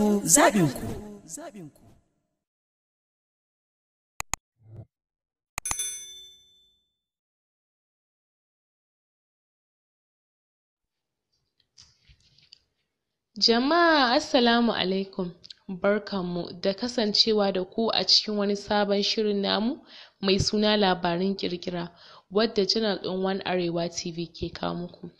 ku zaɓinku. Jama'a Assalamu alaikum barkanmu da kasancewa da ku a cikin wani sabon shirin namu mai suna labarin ƙirƙira wadda Channel ɗin One Arewa TV ke kawo muku.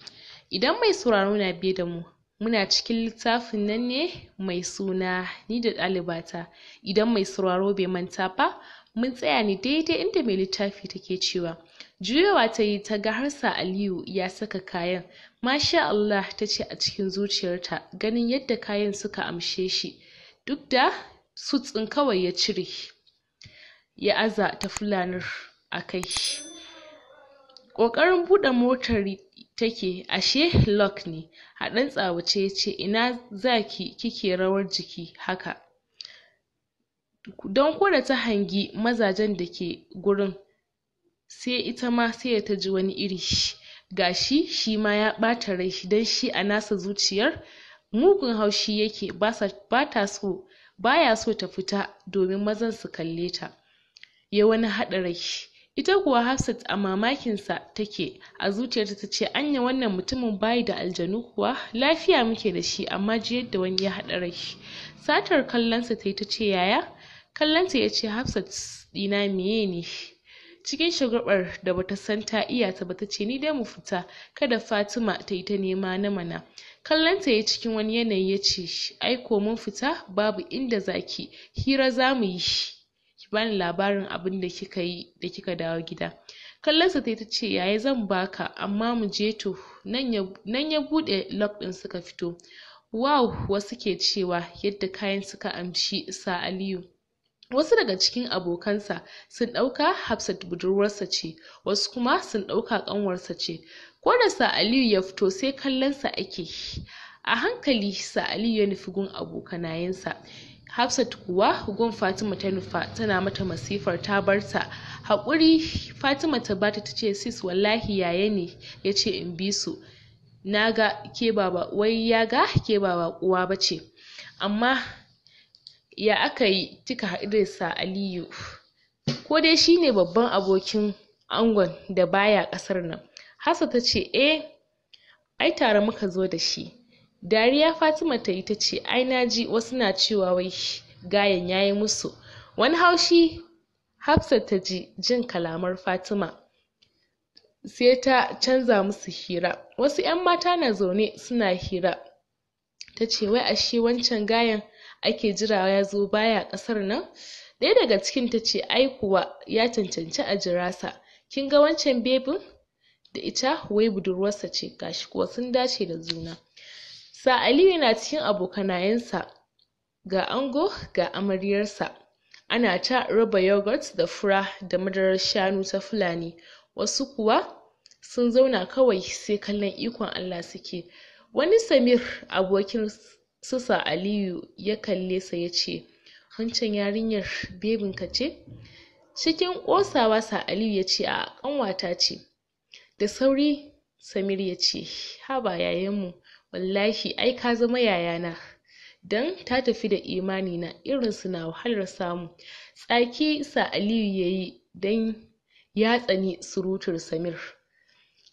Idan mai sauraro na biye da mu muna cikin littafin nan ne mai suna ni da ɗalibata idan mai sauraro bai manta ba mun tsaya ne daidai inda mai littafi take cewa juyowa ta yi ta ga harsa aliyu ya saka kayan masha Allah ta ce a cikin zuciyarta ganin yadda kayan suka amshe shi duk da sutsin kawai ya cire ya aza ta fulanar a kai ƙoƙarin buɗe motar take ashe Luck ne haɗin tsawace yace ina zaki kike rawar jiki haka don ko ta hangi mazajen da ke gurin sai ita ma sai ta ji wani iri gashi shi ma ya ɓata rai don shi a nasa zuciyar mugun haushi yake bata so baya so ta fita domin mazan su kalle ta ya wani haɗa rai ita kuwa Hafsat a mamakinsa take a zuciyarta ta ce anya wannan mutumin bayi da aljanu kuwa lafiya muke da shi amma ji yadda wani ya haɗa rai satar kallonsa ta yi ta ce yaya kallonta ya ce Hafsat ɗina miye ne cikin shagabar da bata san ta iya ta ba tace ce ni dai mu fita kada Fatima ta yi ta nema na mana kallonta ya cikin wani yanayi ya ce ai mun fita babu inda zaki hira za mu yi bani labarin abin da kika yi da kika dawo gida kallonsa ta ce yaya zan baka amma mu je to nan ya buɗe lock ɗin suka fito wow wasu ke cewa yadda kayan suka amshi sa aliyu wasu daga cikin abokansa sun ɗauka hafsat budurwarsa ce wasu kuma sun ɗauka ƙanwarsa ce ko da sa aliyu ya fito sai kallonsa ake a hankali sa aliyu ya nufi gun abokanayensa Hafsat kuwa gun Fatima ta nufa tana mata masifar ta bar ta. Haƙuri Fatima ta bata ta ce sis wallahi yaye ne ya ce in bi su. Na ga ke baba wai ya ga ke baba uwa ba ce. Amma ya aka yi kika haɗu sa Aliyu. Ko dai shine babban abokin angon da baya ƙasar nan. Hafsat ta ce eh ai tare muka zo da shi. dariya Fatima ta yi ta ce ai na ji wasu na cewa wai gayan ya yi musu wani haushi Hafsat ta ji jin kalamar Fatima sai ta canza musu hira wasu 'yan mata na zaune suna hira ta ce wai ashe wancan gayan ake jira ya zo baya kasar nan daya daga cikin ta ce ai kuwa ya cancanci a jira sa kin ga wancan bebin da ita wai budurwarsa ce gashi kuwa sun dace da juna Sa Aliyu yana cikin abokanayensa ga ango ga amaryarsa ana ta raba yogurt da fura da madarar shanu ta Fulani, wasu kuwa sun zauna kawai sai kallon ikon Allah suke. Wani Samir abokin su Sa Aliyu ya kalle sa ya ce, Wancan yarinyar bebinka ce? Cikin ƙosawa Sa Aliyu ya ce, A'a ƙanwata ce. Da sauri Samir ya ce, Haba yayanmu wallahi ai ka zama yayana dan ta tafi da imani na irin su na wahalar samu tsaki sa Aliyu yayi dan ya tsani surutur Samir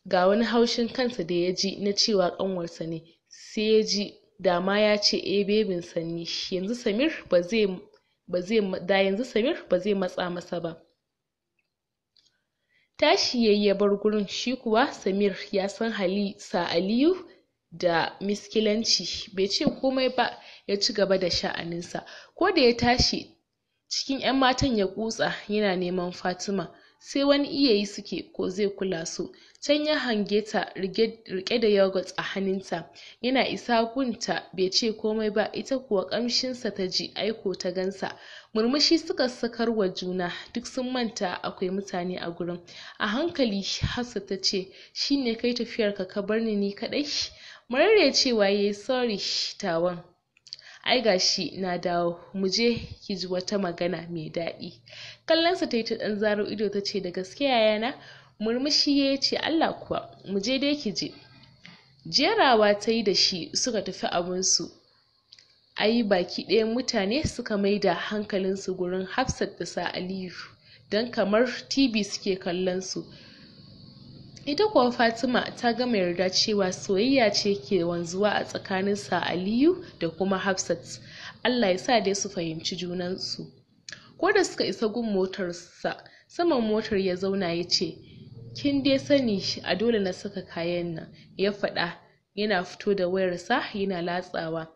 ga wani haushin kansa da ya ji na cewa kanwarsa ne sai ya ji da ya ce e bebin sanni yanzu Samir ba zai ba zai da yanzu Samir ba zai matsa masa ba tashi yayi ya bar gurin shi kuwa Samir ya san hali sa Aliyu da miskilanci bai ce komai ba ya ci gaba da sha'aninsa ko da ya tashi cikin 'yan matan ya kutsa yana neman Fatima sai wani iyayi suke ko zai kula su can ya hange ta rike da yogurt a hannunta yana isa gunta bai ce komai ba ita kuwa kamshinsa ta ji aiko ta gansa murmushi suka sakar wa juna duk sun manta akwai mutane a gurin a hankali Hafsat ta ce shine kai tafiyarka ka bar ni ni kaɗai ya cewa yayi sorry tawan ai gashi na dawo muje kiji wata magana mai daɗi kallonsa tayi ta ɗan zaro ido tace da gaske yayana murmushi yayi ce, Allah kuwa muje dai kiji jerawa tayi da shi suka tafi abunsu ai baki ɗaya mutane suka maida hankalinsu gurin Hafsat da sa Aliyu don kamar TV suke kallon su ita kuwa fatima ta gama yarda cewa soyayya ce ke wanzuwa a tsakanin sa aliyu da kuma hafsat allah ya sa dai su fahimci junansu ko da suka isa gun motarsa saman motar ya zauna ya ce kin dai sani a dole na saka kayan nan ya faɗa yana fito da wayarsa yana latsawa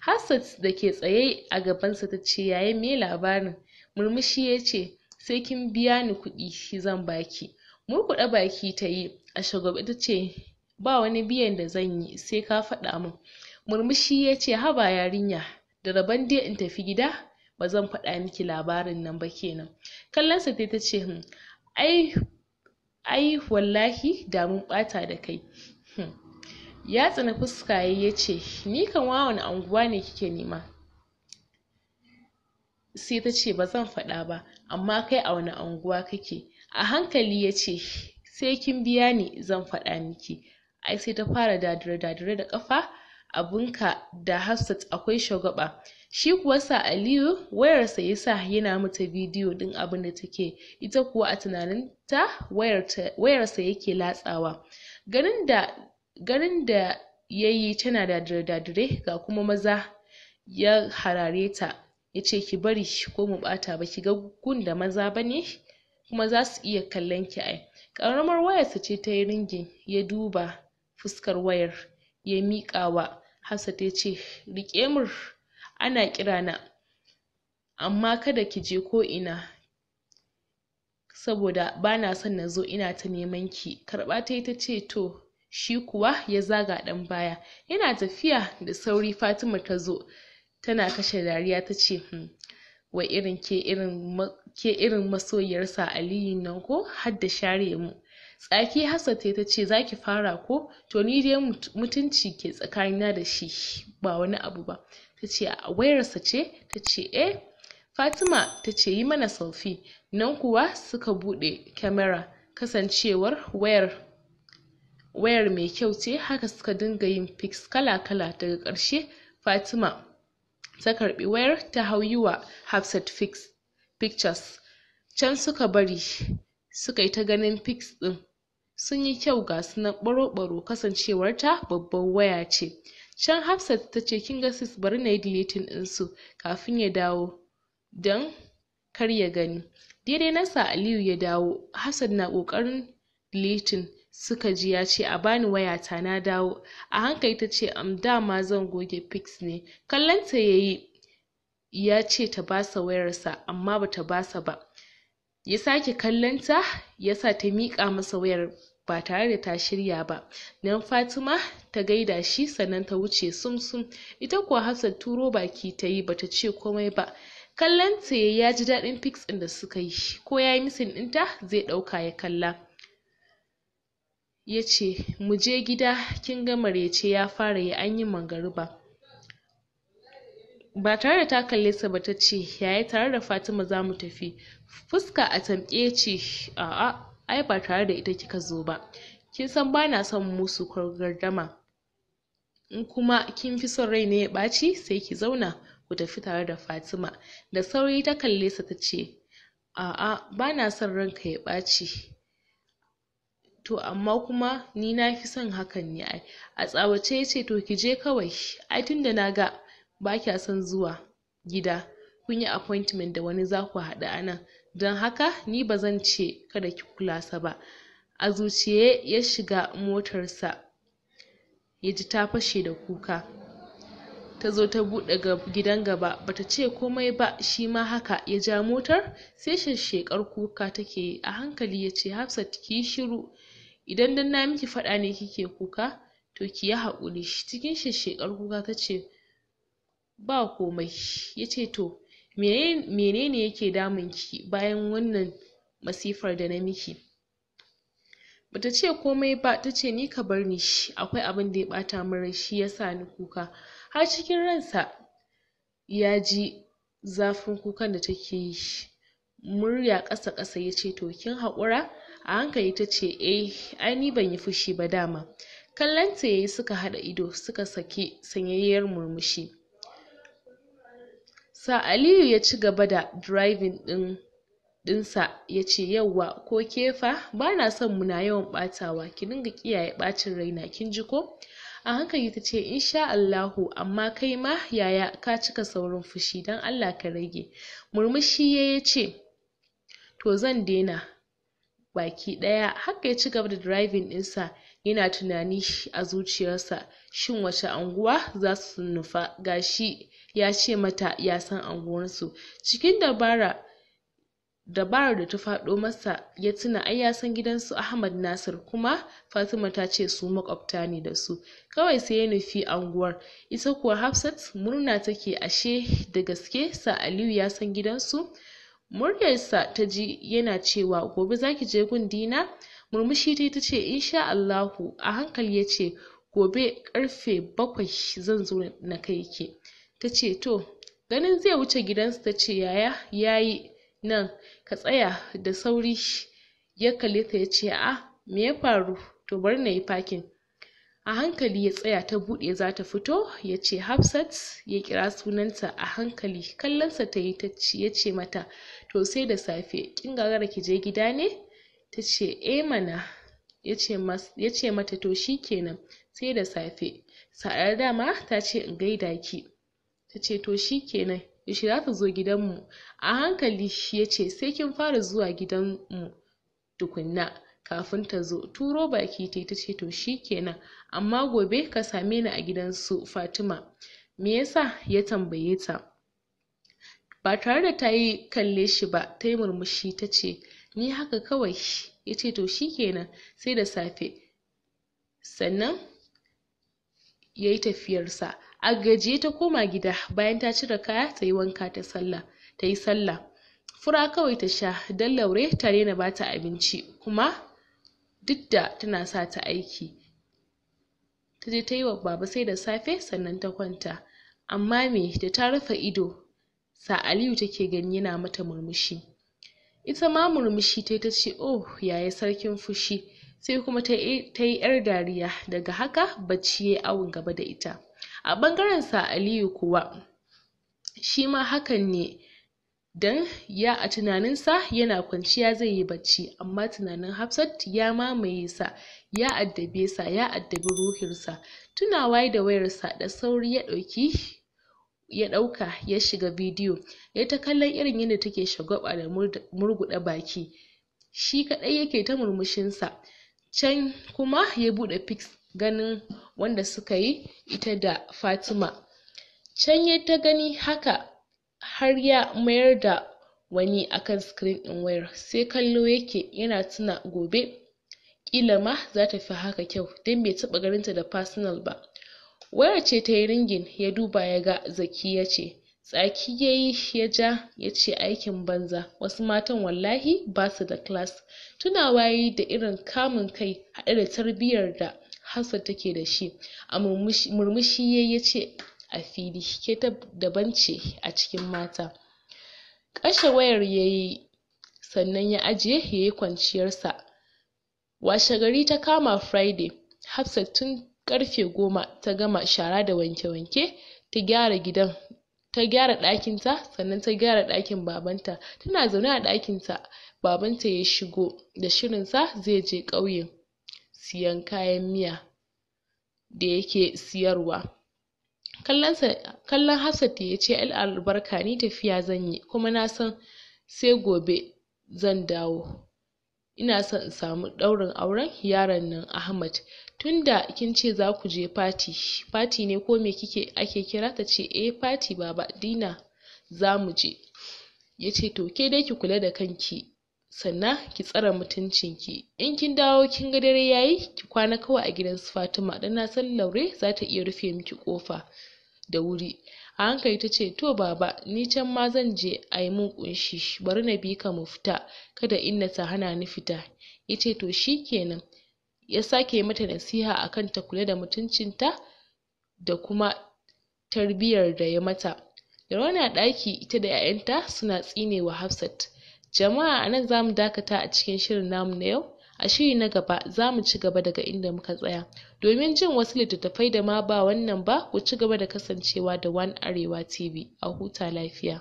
hafsat da ke tsaye a gabansa ta ce yayi me labarin murmushi ya ce sai kin biya ni kuɗi zan baki murkuɗe baki ta yi a shagwaɓe ta ce ba wani biyan da zan yi sai ka faɗa min murmushi ya ce haba yarinya da rabon dai in tafi gida ba zan faɗa miki labarin nan ba kenan kallonsa dai ta ce hmm, ai ai wallahi da mun ɓata da kai hmm. ya tsina fuska ya ce ni kan wani anguwa ne kike nema sai ta ce ba zan faɗa ba amma kai a wani anguwa kake a hankali ya ce sai kin biya ni zan faɗa miki ai sai ta fara dadire-dadire da ƙafa abunka da Hafsat akwai shagwaba shi kuwa sa Aliyu wayarsa ya sa yana mata bidiyo din abin da take ita kuwa a tunaninta wayarsa yake latsawa ganin da ganin ya yi tana dadire-dadire ga kuma maza ya harare ta ya ce ki bari ko mu ɓata ba ki ga gun da maza ba ne kuma za su iya kallon ki ai ƙaramar wayarsa ce ta yi ringin ya duba fuskar wayar ya miƙa miƙawa Hafsat ce, riƙe mur ana na amma kada ki je ko ina saboda ba na son na zo, ina ta neman ki karɓa ta ce to shi kuwa ya zaga ɗan baya yana tafiya da sauri Fatima ta zo. tana kashe dariya ta ce hmm, wa irin ke irin ke irin masoyiyarsa Aliyu nan ko har share mu tsaki Hassat ta ce za ki fara ko to ni dai mutunci ke tsakanina da shi ba wani abu ba ta ce a wayarsa ce ta ce eh Fatima ta ce yi mana selfie nan kuwa suka buɗe kyamara kasancewar wayar wayar mai kyau ce haka suka dinga yin pics kala-kala daga ƙarshe Fatima ta karɓi wayar ta hau yi wa Hafsat fix pictures can suka bari suka yi ta ganin pics ɗin sun yi kyau ga su nan ɓaro-ɓaro kasancewar ta babbar waya ce can Hafsat ta ce kin ga sis bari na yi deleting ɗin su kafin ya dawo don kar ya gani daidai na sa Aliyu ya dawo Hafsat na ƙoƙarin deleting suka ji ya ce a bani wayata na dawo a hankali ta ce am dama zan goge pics ne kallon ta yayi ya ce ta basa wayarsa amma bata basa ba ya sake kallonta ya sa ta miƙa masa wayar ba tare da ta shirya ba nan Fatima ta gaida shi sannan ta wuce sumsum ita kuwa Hafsat turo baki ta yi bata ce komai ba kallon ta ya ji daɗin fix ɗin da suka yi ko ya yi misin ɗinta zai ɗauka ya kalla ya ce mu je gida kin ga ce ya fara yi an yi mangariba ba tare da ta kalle sa ba ta ce yaya tare da fatima za mu tafi fuska a tamke ce a'a ai ba tare da ita kika zo ba kin san ba na son musu gardama in kuma kin fi son rai ne ya ɓaci sai ki zauna ku tafi tare da fatima da sauri ta kalle sa ta ce a'a ba na son ranka ya ɓaci to amma kuma ni na fi son hakan ne ai a tsawace ya ce to ki je kawai ai da na ga ba kya son zuwa gida kun yi appointment da wani za ku haɗu a nan don haka ni ba zan ce kada ki kulasa ba a zuciye ya shiga motarsa ya ji ta fashe da kuka ta zo ta buɗe gidan gaba bata ce komai ba shi ma haka ya ja motar sai shashshekar kuka take yi a hankali ya ce hafsat ki yi shiru idan dan na miki faɗa ne kike kuka to ki yi haƙuri cikin shekar kuka ta ce ba komai ya ce to menene yake damun ki bayan wannan masifar da na miki bata ce komai ba ta ce ni ka bar barni akwai abin da ya bata mara shi ya sa ni kuka har cikin ransa ya ji zafin kukan da take yi murya ƙasa ƙasa yace to kin haƙura a hankali ta ce, eh ai ni yi fushi ba dama kallon ta yayi suka haɗa ido suka sake sanyayyar murmushi sa Aliyu ya ci gaba da driving ɗin ɗinsa ce yauwa ko ke fa na son muna yawan ɓatawa ki dinga kiyaye ɓacin raina kin ji ko a hankali tace insha Allahu amma kai ma yaya ka cika saurin fushi don Allah ka rage murmushi ya ce to zan daina baki ɗaya haka ya ci gaba da driving ɗinsa yana tunani a zuciyarsa shin wace anguwa su nufa gashi ya ce mata ya san anguwarsu cikin dabara dabarar da ta faɗo masa ya tuna ai ya san gidansu Ahmad Nasir kuma Fatima ta ce su makwabta ne da su kawai sai ya nufi anguwar ita kuwa Hafsat murna take ashe da gaske sa Aliyu ya san gidansu muryarsa ta ji yana cewa gobe zaki je gun Dina Murmushi ta yi ta ce insha Allahu a hankali ya ce gobe karfe bakwai zan zo na kai ke Ta ce to ganin zai wuce gidansu ta ce yaya yi nan ka tsaya da sauri ya kalli ta ya ce a me ya faru to bari na yi fakin. a hankali ya tsaya ta buɗe za ta fito ya ce hafsat ya kira sunanta a hankali kallonsa ta yi ya ce mata to sai da safe kin gagara ki je gida ne ta ce eh mana ya ce mata to kenan, sai da safe sa'ar dama ta ce in gaida ki ta ce to kenan, yaushe za ta zo gidanmu a hankali ya ce sai kin fara zuwa gidanmu tukunna kafin ta zo turo baki ta ta ce to kenan. amma gobe ka same ni a gidan su fatima me yasa ya tambaye ta ba tare da ta yi kalle shi ba ta yi murmushi ta ce ni haka kawai ya ce to kenan, sai da safe sannan ya yi tafiyarsa a gajiye ta koma gida bayan ta cire kaya ta yi wanka ta sallah ta yi sallah fura kawai ta sha don laure ta daina ba ta abinci kuma duk da tana sa ta aiki ta je ta yi wa baba sai da safe sannan ta kwanta amma me da ta rufe ido sa Aliyu take gani yana mata murmushi ita ma murmushi ta ta ce oh yaya sarkin fushi sai kuma ta yi yar dariya daga haka bacci ya yi awon gaba da ita a ɓangaren sa aliyu kuwa shi ma hakan ne don ya a tunaninsa yana kwanciya zai yi bacci amma tunanin hafsat ya mamaye sa ya addabe sa ya addabi ruhinsa tunawa da wayarsa da sauri ya ɗauki ya ɗauka ya shiga bidiyo yayi ta kallon irin yadda take shagwaɓa da murguɗa baki shi kaɗai yake ta murmushinsa can kuma ya buɗe fix ganin wanda suka yi ita da Fatima can ya ta gani haka har ya mayar da wani akan screen ɗin wayar sai kallo yake yana tuna gobe ƙila ma za ta fi haka kyau don bai taɓa ganinta da personal ba wayar ce ta yi ringin ya duba ya yaga Zakiya ce tsaki ya yi ya ja ya yace aikin banza wasu matan wallahi ba su da class tunawa yayi da irin kamun kai haɗe da tarbiyyar da Hafsat take da shi a murmushi yayi ce a fili ke daban ce a cikin mata kashe wayar ya yi sannan ya ajiye yayi kwanciyarsa washe gari ta kama Friday Hafsat tun karfe goma ta gama shara da wanke-wanke ta gyara gidan ta gyara ɗakinta sannan ta gyara ɗakin babanta tana zaune a ɗakinta babanta ya shigo da shirin sa zai je ƙauyen siyan kayan miya da yake siyarwa kallon sa kallon Hafsat ya ce albarka ni tafiya zan yi kuma na san sai gobe zan dawo ina son in samu ɗaurin auren yaron nan Ahmad tunda kin ce za ku je fati fati ne ko me kike ake kira ta ce eh fati baba dina za mu je ya ce to ke dai ki kula da kanki sannan ki tsare mutuncinki in kin dawo kin ga dare yayi ki kwana kawai a gidan su Fatima dan na san Laure za ta iya rufe miki kofa da wuri a hankali ta ce to baba ni can ma zan je a yi mun kunshi, bari na bi ka mu fita kada inna ta hana ni fita ya ce to shi kenan ya sake mata nasiha a kan ta kula da mutuncinta da kuma tarbiyyar da ya mata da wani ɗaki ita da 'ya'yanta suna tsinewa Hafsat jama'a a nan za mu dakata a cikin shirin namu na yau A shiri na gaba za mu ci gaba daga inda muka tsaya. Domin jin wasu littattafai da ma ba wannan ba ku ci gaba da kasancewa da wan Arewa TV. A huta lafiya.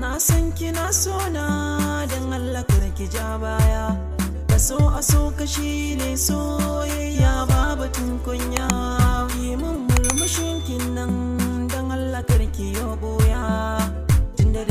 Na san kina sona don Allah kar ki ja baya. Ka so a so kashi ne soyayya ba batun kunya. Yi mun murmushin kin nan don Allah kar yo boya.